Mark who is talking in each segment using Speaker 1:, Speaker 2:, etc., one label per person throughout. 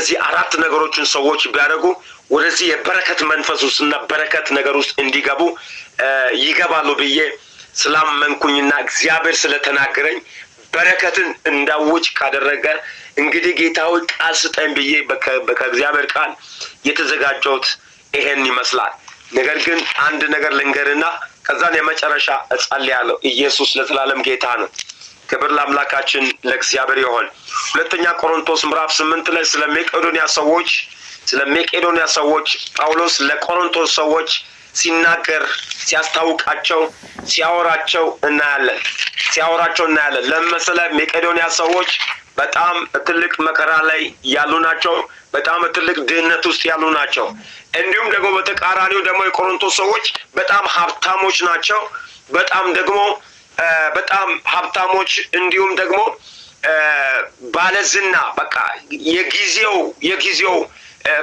Speaker 1: እነዚህ አራት ነገሮችን ሰዎች ቢያደርጉ ወደዚህ የበረከት መንፈስ ውስጥ እና በረከት ነገር ውስጥ እንዲገቡ ይገባሉ ብዬ ስላመንኩኝና እግዚአብሔር ስለተናገረኝ በረከትን እንዳውጭ ካደረገ እንግዲህ ጌታዊ ቃል ስጠኝ ብዬ ከእግዚአብሔር ቃል የተዘጋጀሁት ይሄን ይመስላል። ነገር ግን አንድ ነገር ልንገርና ከዛን የመጨረሻ እጸልያለሁ። ኢየሱስ ለዘላለም ጌታ ነው። ክብር ለአምላካችን ለእግዚአብሔር ይሆን። ሁለተኛ ቆሮንቶስ ምዕራፍ ስምንት ላይ ስለ መቄዶንያ ሰዎች ስለ መቄዶንያ ሰዎች ጳውሎስ ለቆሮንቶስ ሰዎች ሲናገር ሲያስታውቃቸው ሲያወራቸው እናያለን። ሲያወራቸው እናያለን። ለመሰለ መቄዶንያ ሰዎች በጣም ትልቅ መከራ ላይ ያሉ ናቸው። በጣም ትልቅ ድህነት ውስጥ ያሉ ናቸው። እንዲሁም ደግሞ በተቃራኒው ደግሞ የቆሮንቶስ ሰዎች በጣም ሀብታሞች ናቸው። በጣም ደግሞ በጣም ሀብታሞች እንዲሁም ደግሞ ባለዝና በቃ የጊዜው የጊዜው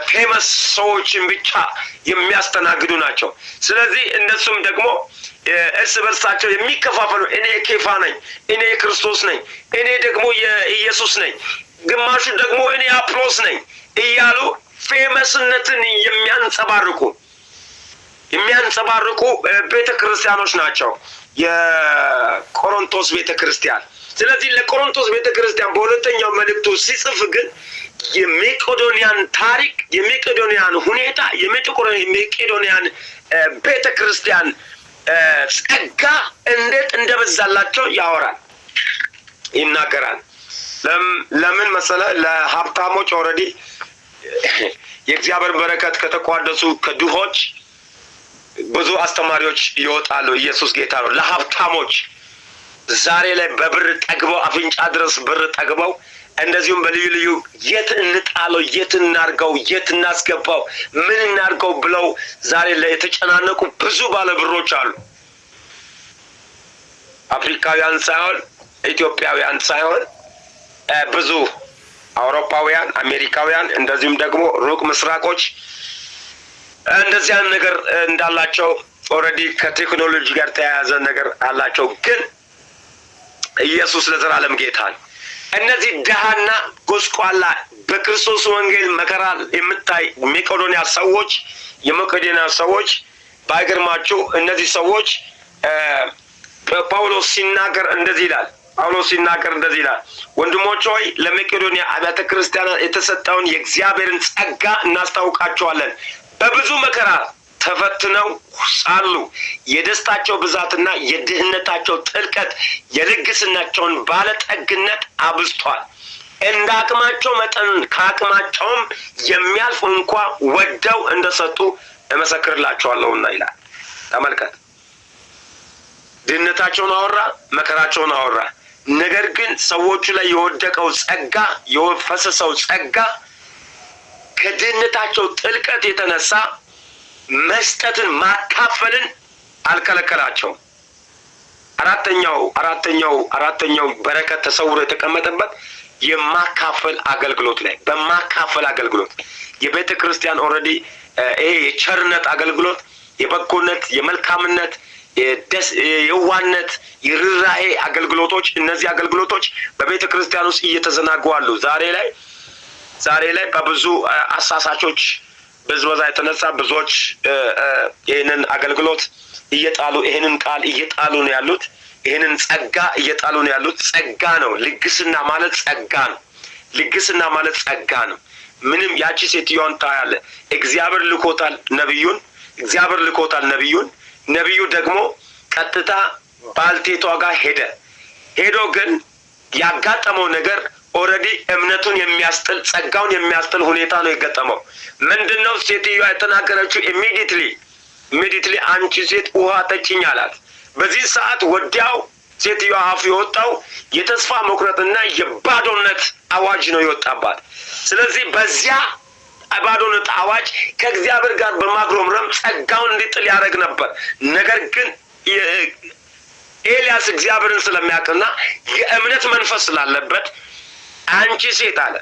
Speaker 1: ፌመስ ሰዎችን ብቻ የሚያስተናግዱ ናቸው። ስለዚህ እነሱም ደግሞ እርስ በርሳቸው የሚከፋፈሉ እኔ ኬፋ ነኝ፣ እኔ ክርስቶስ ነኝ፣ እኔ ደግሞ የኢየሱስ ነኝ፣ ግማሹ ደግሞ እኔ አፕሎስ ነኝ እያሉ ፌመስነትን የሚያንጸባርቁ የሚያንጸባርቁ ቤተ ክርስቲያኖች ናቸው የቆሮንቶስ ቤተ ክርስቲያን። ስለዚህ ለቆሮንቶስ ቤተ ክርስቲያን በሁለተኛው መልእክቱ ሲጽፍ ግን የሜቄዶንያን ታሪክ፣ የሜቄዶንያን ሁኔታ፣ የሜቄዶንያን ቤተ ክርስቲያን ጸጋ እንዴት እንደበዛላቸው ያወራል ይናገራል። ለምን መሰለ ለሀብታሞች ኦልሬዲ የእግዚአብሔር በረከት ከተቋደሱ ከድሆች ብዙ አስተማሪዎች ይወጣሉ። ኢየሱስ ጌታ ነው። ለሀብታሞች ዛሬ ላይ በብር ጠግበው አፍንጫ ድረስ ብር ጠግበው እንደዚሁም በልዩ ልዩ የት እንጣለው፣ የት እናርገው፣ የት እናስገባው፣ ምን እናርገው ብለው ዛሬ ላይ የተጨናነቁ ብዙ ባለብሮች አሉ። አፍሪካውያን ሳይሆን ኢትዮጵያውያን ሳይሆን ብዙ አውሮፓውያን፣ አሜሪካውያን እንደዚሁም ደግሞ ሩቅ ምስራቆች እንደዚያን ነገር እንዳላቸው ኦልሬዲ ከቴክኖሎጂ ጋር ተያያዘ ነገር አላቸው። ግን ኢየሱስ ለዘላለም ጌታ ነው። እነዚህ ድሃና ጎስቋላ በክርስቶስ ወንጌል መከራ የምታይ መቄዶንያ ሰዎች የመቄዶንያ ሰዎች ባይገርማችሁ እነዚህ ሰዎች ጳውሎስ ሲናገር እንደዚህ ይላል። ጳውሎስ ሲናገር እንደዚህ ይላል፣ ወንድሞች ሆይ ለመቄዶንያ አብያተ ክርስቲያናት የተሰጠውን የእግዚአብሔርን ጸጋ እናስታውቃቸዋለን። በብዙ መከራ ተፈትነው ሳሉ የደስታቸው ብዛትና የድህነታቸው ጥልቀት የልግስናቸውን ባለጠግነት አብዝቷል። እንደ አቅማቸው መጠን ከአቅማቸውም የሚያልፍ እንኳ ወደው እንደሰጡ እመሰክርላቸዋለሁና ይላል። ተመልከት፣ ድህነታቸውን አወራ፣ መከራቸውን አወራ። ነገር ግን ሰዎቹ ላይ የወደቀው ጸጋ የፈሰሰው ጸጋ ከድህነታቸው ጥልቀት የተነሳ መስጠትን ማካፈልን አልከለከላቸውም። አራተኛው አራተኛው አራተኛው በረከት ተሰውሮ የተቀመጠበት የማካፈል አገልግሎት ላይ በማካፈል አገልግሎት የቤተ ክርስቲያን ኦልሬዲ ይሄ የቸርነት አገልግሎት የበጎነት፣ የመልካምነት፣ የዋነት፣ የርኅራኄ አገልግሎቶች እነዚህ አገልግሎቶች በቤተ ክርስቲያን ውስጥ እየተዘናጉ አሉ ዛሬ ላይ ዛሬ ላይ በብዙ አሳሳቾች ብዝበዛ የተነሳ ብዙዎች ይህንን አገልግሎት እየጣሉ ይህንን ቃል እየጣሉ ነው ያሉት። ይህንን ጸጋ እየጣሉ ነው ያሉት። ጸጋ ነው። ልግስና ማለት ጸጋ ነው። ልግስና ማለት ጸጋ ነው። ምንም ያቺ ሴትዮዋን ታያለ። እግዚአብሔር ልኮታል ነቢዩን፣ እግዚአብሔር ልኮታል ነቢዩን። ነቢዩ ደግሞ ቀጥታ ባልቴቷ ጋር ሄደ። ሄዶ ግን ያጋጠመው ነገር ኦልሬዲ እምነቱን የሚያስጥል ጸጋውን የሚያስጥል ሁኔታ ነው የገጠመው። ምንድን ነው ሴትዮዋ የተናገረችው? ኢሚዲትሊ ኢሚዲትሊ አንቺ ሴት ውሃ ጠጪኝ አላት። በዚህ ሰዓት ወዲያው ሴትዮዋ አፍ የወጣው የተስፋ መቁረጥና የባዶነት አዋጅ ነው የወጣባት። ስለዚህ በዚያ ባዶነት አዋጅ ከእግዚአብሔር ጋር በማግሮምረም ጸጋውን እንዲጥል ያደረግ ነበር። ነገር ግን ኤልያስ እግዚአብሔርን ስለሚያውቅና የእምነት መንፈስ ስላለበት አንቺ ሴት አለ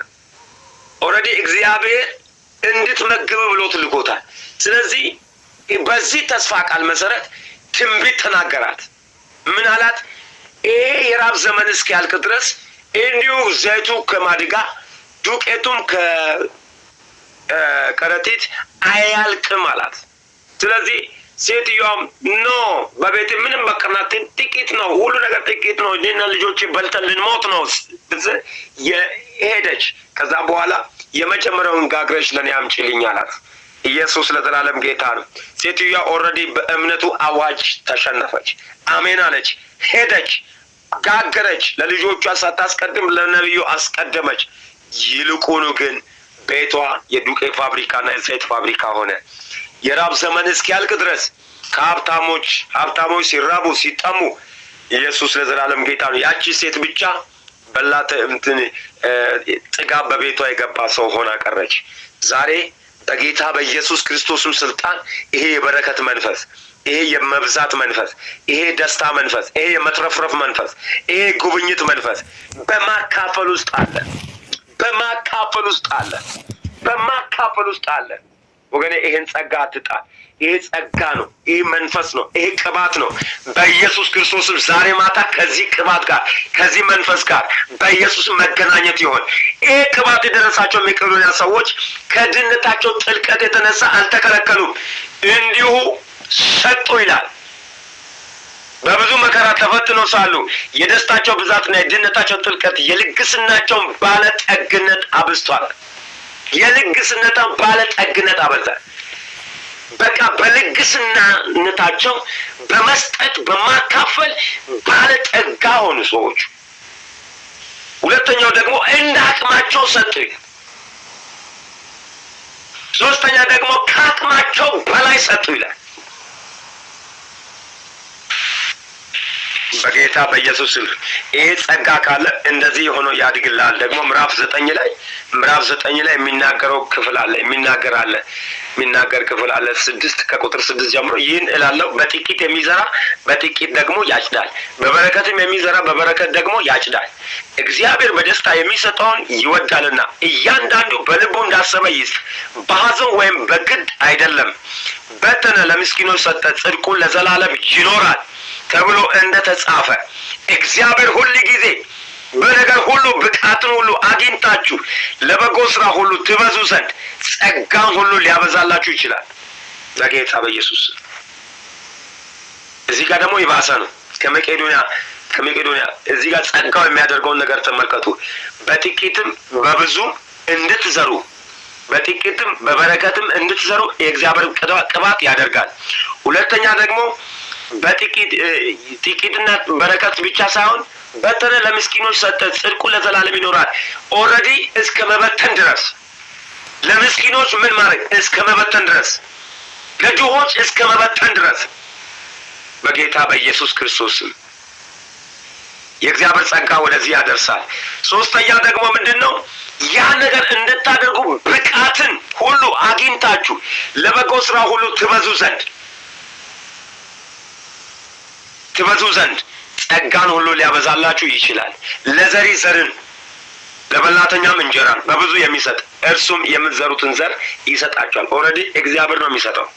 Speaker 1: ኦልሬዲ እግዚአብሔር እንድትመግብ ብሎ ትልኮታል። ስለዚህ በዚህ ተስፋ ቃል መሰረት ትንቢት ተናገራት። ምን አላት? ይሄ የራብ ዘመን እስኪያልቅ ድረስ እንዲሁ ዘይቱ ከማድጋ ዱቄቱም ከከረጢት አያልቅም አላት። ስለዚህ ሴትዮዋም ኖ በቤት ምንም በቀና ጥቂት ነው፣ ሁሉ ነገር ጥቂት ነው፣ እኔና ልጆች በልተን ልንሞት ነው የሄደች። ከዛ በኋላ የመጀመሪያውን ጋግረሽ ለእኔ አምጪልኝ አላት። ኢየሱስ ለዘላለም ጌታ ነው። ሴትዮዋ ኦልሬዲ በእምነቱ አዋጅ ተሸነፈች። አሜን አለች። ሄደች፣ ጋገረች። ለልጆቿ ሳታስቀድም ለነቢዩ አስቀደመች። ይልቁኑ ግን ቤቷ የዱቄት ፋብሪካና የዘይት ፋብሪካ ሆነ። የራብ ዘመን እስኪያልቅ ድረስ ከሀብታሞች ሀብታሞች ሲራቡ ሲጠሙ ኢየሱስ ለዘላለም ጌታ ነው። ያቺ ሴት ብቻ በላተ እንትን ጥጋብ በቤቷ የገባ ሰው ሆና ቀረች። ዛሬ በጌታ በኢየሱስ ክርስቶስም ስልጣን ይሄ የበረከት መንፈስ፣ ይሄ የመብዛት መንፈስ፣ ይሄ ደስታ መንፈስ፣ ይሄ የመትረፍረፍ መንፈስ፣ ይሄ ጉብኝት መንፈስ በማካፈል ውስጥ አለ። በማካፈል ውስጥ አለ። በማካፈል ውስጥ አለ። ወገኔ ይሄን ጸጋ አትጣ። ይሄ ጸጋ ነው። ይሄ መንፈስ ነው። ይሄ ቅባት ነው። በኢየሱስ ክርስቶስም ዛሬ ማታ ከዚህ ቅባት ጋር ከዚህ መንፈስ ጋር በኢየሱስ መገናኘት ይሆን። ይሄ ቅባት የደረሳቸው መቄዶንያ ሰዎች ከድህነታቸው ጥልቀት የተነሳ አልተከለከሉም፣ እንዲሁ ሰጡ ይላል። በብዙ መከራ ተፈትኖ ሳሉ የደስታቸው ብዛትና የድህነታቸው ጥልቀት የልግስናቸውን ባለጠግነት አብዝቷል። የልግስነታ ባለጠግነት አበዛ። በቃ በልግስናነታቸው በመስጠት በማካፈል ባለጠጋ ሆኑ ሰዎቹ። ሁለተኛው ደግሞ እንደ አቅማቸው ሰጡ። ሶስተኛ ደግሞ ከአቅማቸው በላይ ሰጡ ይላል። በጌታ በኢየሱስ ስም ይሄ ጸጋ ካለ እንደዚህ ሆኖ ያድግላል። ደግሞ ምዕራፍ ዘጠኝ ላይ ምዕራፍ ዘጠኝ ላይ የሚናገረው ክፍል አለ የሚናገር አለ የሚናገር ክፍል አለ። ስድስት ከቁጥር ስድስት ጀምሮ ይህን እላለሁ በጥቂት የሚዘራ በጥቂት ደግሞ ያጭዳል፣ በበረከትም የሚዘራ በበረከት ደግሞ ያጭዳል። እግዚአብሔር በደስታ የሚሰጠውን ይወዳልና እያንዳንዱ በልቡ እንዳሰበ ይስጥ፣ በሐዘን ወይም በግድ አይደለም። በተነ ለምስኪኖች ሰጠ፣ ጽድቁን ለዘላለም ይኖራል። ተብሎ እንደተጻፈ እግዚአብሔር ሁል ጊዜ በነገር ሁሉ ብቃትን ሁሉ አግኝታችሁ ለበጎ ስራ ሁሉ ትበዙ ዘንድ ጸጋን ሁሉ ሊያበዛላችሁ ይችላል በጌታ በኢየሱስ። እዚህ ጋር ደግሞ ይባሰ ነው። ከመቄዶንያ ከመቄዶንያ እዚህ ጋር ጸጋው የሚያደርገውን ነገር ተመልከቱ። በጥቂትም በብዙም እንድትዘሩ በጥቂትም በበረከትም እንድትዘሩ የእግዚአብሔር ቅባት ያደርጋል። ሁለተኛ ደግሞ በጥቂት ጥቂትና በረከት ብቻ ሳይሆን በተነ ለምስኪኖች ሰጠ፣ ጽድቁ ለዘላለም ይኖራል። ኦልሬዲ እስከ መበተን ድረስ ለምስኪኖች ምን ማድረግ እስከ መበተን ድረስ ለድሆች እስከ መበተን ድረስ በጌታ በኢየሱስ ክርስቶስም የእግዚአብሔር ጸጋ ወደዚህ ያደርሳል። ሶስተኛ ደግሞ ምንድን ነው? ያ ነገር እንድታደርጉ ብቃትን ሁሉ አግኝታችሁ ለበጎ ስራ ሁሉ ትበዙ ዘንድ ትበዙ ዘንድ ጸጋን ሁሉ ሊያበዛላችሁ ይችላል። ለዘሪ ዘርን ለበላተኛም እንጀራን በብዙ የሚሰጥ እርሱም የምትዘሩትን ዘር ይሰጣቸዋል። ኦልሬዲ እግዚአብሔር ነው የሚሰጠው።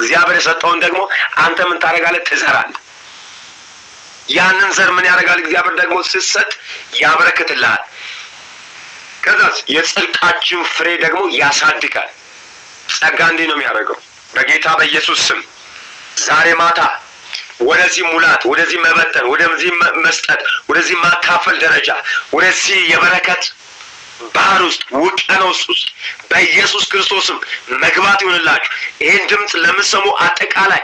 Speaker 1: እግዚአብሔር የሰጠውን ደግሞ አንተ ምን ታደርጋለህ? ትዘራለህ። ያንን ዘር ምን ያደርጋል? እግዚአብሔር ደግሞ ስትሰጥ ያበረክትልሃል። ከዛስ የጽድቃችን ፍሬ ደግሞ ያሳድጋል። ጸጋ እንዲህ ነው የሚያደርገው። በጌታ በኢየሱስ ስም ዛሬ ማታ ወደዚህ ሙላት፣ ወደዚህ መበጠን፣ ወደዚህ መስጠት፣ ወደዚህ ማካፈል ደረጃ ወደዚህ የበረከት ባህር ውስጥ ውቅያኖስ ውስጥ በኢየሱስ ክርስቶስም መግባት ይሆንላችሁ። ይህን ድምፅ ለምሰሙ አጠቃላይ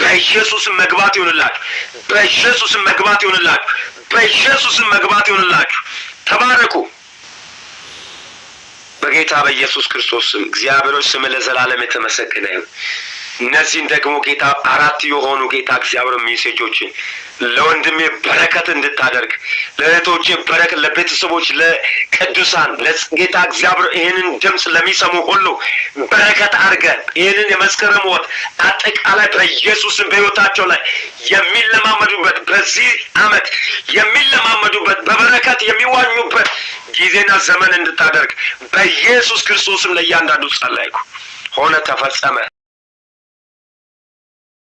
Speaker 1: በኢየሱስም መግባት ይሆንላችሁ። በኢየሱስም መግባት ይሆንላችሁ። በኢየሱስም መግባት ይሆንላችሁ። ተባረኩ። በጌታ በኢየሱስ ክርስቶስ ስም እግዚአብሔሮች ስም ለዘላለም የተመሰገነ ይሁን። እነዚህን ደግሞ ጌታ አራት የሆኑ ጌታ እግዚአብሔር ሜሴጆችን ለወንድሜ በረከት እንድታደርግ ለእህቶቼ በረከት፣ ለቤተሰቦች፣ ለቅዱሳን ለጌታ እግዚአብሔር ይህንን ድምፅ ለሚሰሙ ሁሉ በረከት አድርገ ይህንን የመስከረም ወር አጠቃላይ በኢየሱስን በህይወታቸው ላይ የሚለማመዱበት በዚህ አመት የሚለማመዱበት በበረከት የሚዋኙበት ጊዜና ዘመን እንድታደርግ በኢየሱስ ክርስቶስም ለእያንዳንዱ ጸለይኩ። ሆነ፣ ተፈጸመ።